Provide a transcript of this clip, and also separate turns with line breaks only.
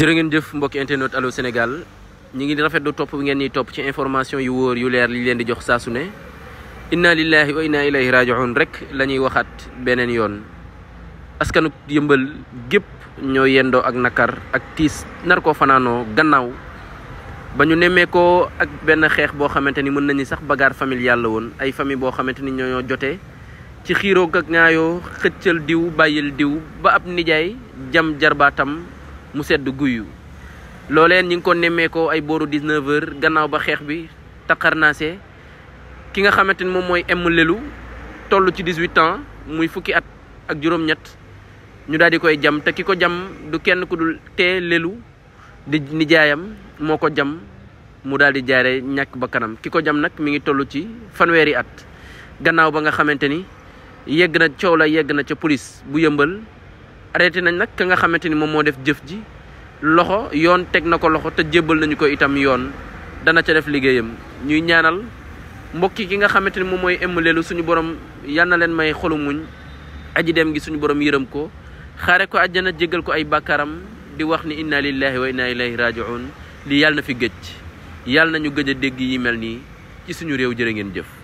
jërë ngeen jëf mbokki internet Allô Sénégal ñi ngi rafetlu topp bi ngeen ñuy topp ci information yu wóor yu leer li leen di jox saasu ne inna lillahi wa inna ilayhi rajiun rek la ñuy waxaat beneen yoon askanu yëmbal gépp ñoo yendoo ak nakar ak tiis nar ko fanaanoo gannaaw ba ñu nemmee ko ak benn xeex boo xamante ni mën nañu sax bagaar famille yàlla woon ay famille boo xamante ni ñoo jote ci xiiroo ak ñaayoo xëccal diw bàyyil diw ba ab nijaay jam jarbaatam mu sedd guyu looleen ñi ngi ko nemmeekoo ay booru 19 heures gannaaw ba xeex bi taqarnaase ki nga xamante ni moom mooy M Lelu toll ci 18 ans muy fukki at ak juróom-ñett ñu daal di koy jam te ki ko jam du kenn ku dul tee Lelu di nijaayam moo ko jam mu daal di jaare ñàkk ba kanam ki ko jam nag mi ngi toll ci fanweeri at gannaaw ba nga xamante ni yegg na coow la yegg na ca police bu yëmbal arrêté nañ nag ka nga xamante ni moom moo def jëf ji loxo yoon teg na ko loxo te jébbal nañu ko itam yoon dana ca def liggéeyam ñuy ñaanal mbokki ki nga xamante ni moom mooy ëmmaleelu suñu borom yal na leen may xolu muñ aji dem gi suñu borom yërëm ko xaare ko àjjana jéggal ko ay bàkkaaram di wax ni inna lillahi wa inna ilayhi rajiun lii yàlla na fi gëj yàlla nañu gëj a dégg yi mel nii ci suñu réew jërë ngeen jëf